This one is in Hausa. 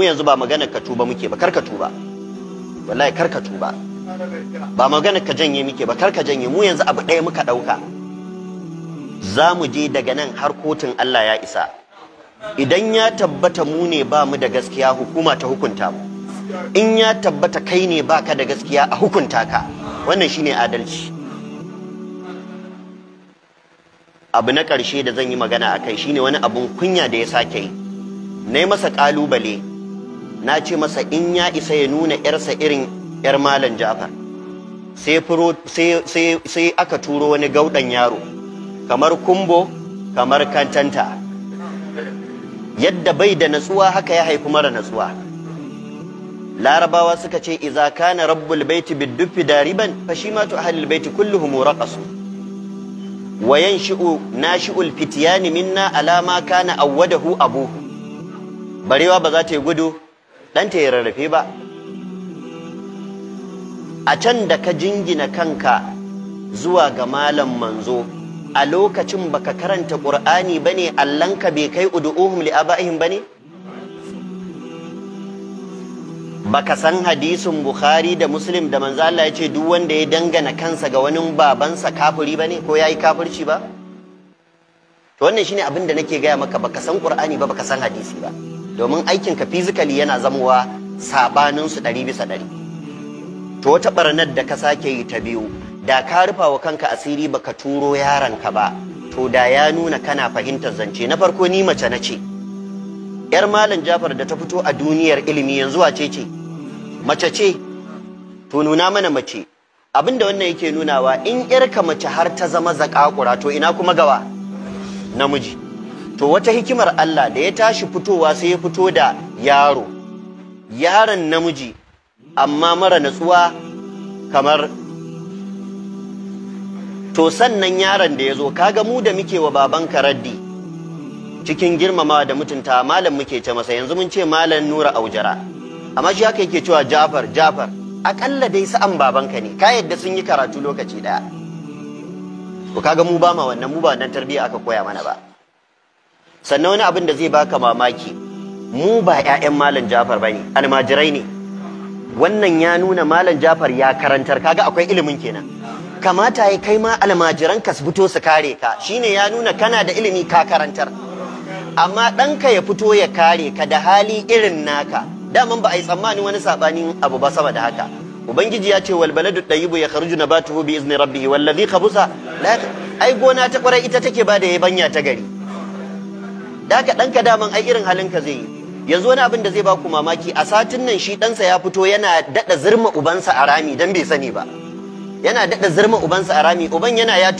mu yanzu ba magana ka tuba muke ba kar ka tuba wallahi kar ka tuba ba magana ka janye muke ba kar ka janye mu yanzu abu ɗaya muka ɗauka za mu je daga nan har kotun Allah ya isa idan ya tabbata mu ne ba mu da gaskiya hukuma ta hukunta mu in ya tabbata kai ne ba ka da gaskiya a hukunta ka wannan shine adalci abu na ƙarshe da zan yi magana a kai shine wani abun kunya da ya sake yi na yi masa ƙalubale na ce masa in ya isa ya nuna yarsa irin yar malam jafar sai aka turo wani gaudan yaro kamar kumbo kamar kantanta yadda bai da natsuwa haka ya haifi mara natsuwa larabawa suka ce iza kana rabbul baiti biddufi dariban fa shi ma to ahlul baiti kulluhum raqasu wa yanshu الفتيان fityani minna alama kana awwadahu abu barewa ba za ta yi gudu ɗanta ya rarrafe ba a can da ka jingina kanka zuwa ga malam manzo a lokacin baka karanta ƙur'ani ba ne allanka bai kai udu'uhum li'aba'ihim ba ne baka san hadisin bukhari da muslim da manzo Allah ya ce duk wanda ya dangana kansa ga wani babansa kafiri ba ne ko ya kafirci ba to wannan shine abin da nake gaya maka baka san ƙur'ani ba baka san hadisi ba domin aikin ka physically yana zamowa sabanin su ɗari bisa ɗari to wata barnar da ka sake yi ta biyu da ka rufa wa kanka asiri baka turo yaron ka ba to da ya nuna kana fahimtar zance na farko ni mace na ce yar malam jafar da ta fito a duniyar ilimi yanzu wace ce mace ce to nuna mana mace abinda wannan yake nunawa in yarka mace har ta zama zakakura to ina kuma gawa namiji to wata hikimar Allah da ya tashi fitowa sai ya fito da yaro yaron namiji amma mara natsuwa kamar to sannan yaron da ya zo kaga mu da muke wa baban karaddi cikin girmamawa da mutunta malam muke ce masa yanzu mun ce malam nura aujara amma shi haka yake cewa jafar jafar akalla dai sa'an babanka ne ka yadda sun yi karatu lokaci daya Ko kaga mu ba ma wannan mu ba wannan tarbiyya aka koya mana ba sannan wani abin da zai baka mamaki mu ba 'ya'yan malam jafar ba ne almajirai ne wannan ya nuna malam jafar ya karantar kaga akwai ilimin kenan kamata ya kai ma almajiran ka su fito su kare ka shine ya nuna kana da ilimi ka karantar amma ɗanka ya fito ya kare ka da hali irin naka daman ba a yi tsammanin wani saɓanin abu ba sama da haka ubangiji ya ce wal baladu dayibu ya kharuju nabatuhu bi izni rabbihi wal ladhi khabusa ai gona ta kwarai ita take ba da yabanya ta gari da haka ɗanka daman ai irin halinka zai yi yanzu wani abin da zai ba ku mamaki a satin nan shi ɗansa ya fito yana daɗa zirma ubansa a rami don bai sani ba yana daɗa zirma ubansa a rami uban yana ya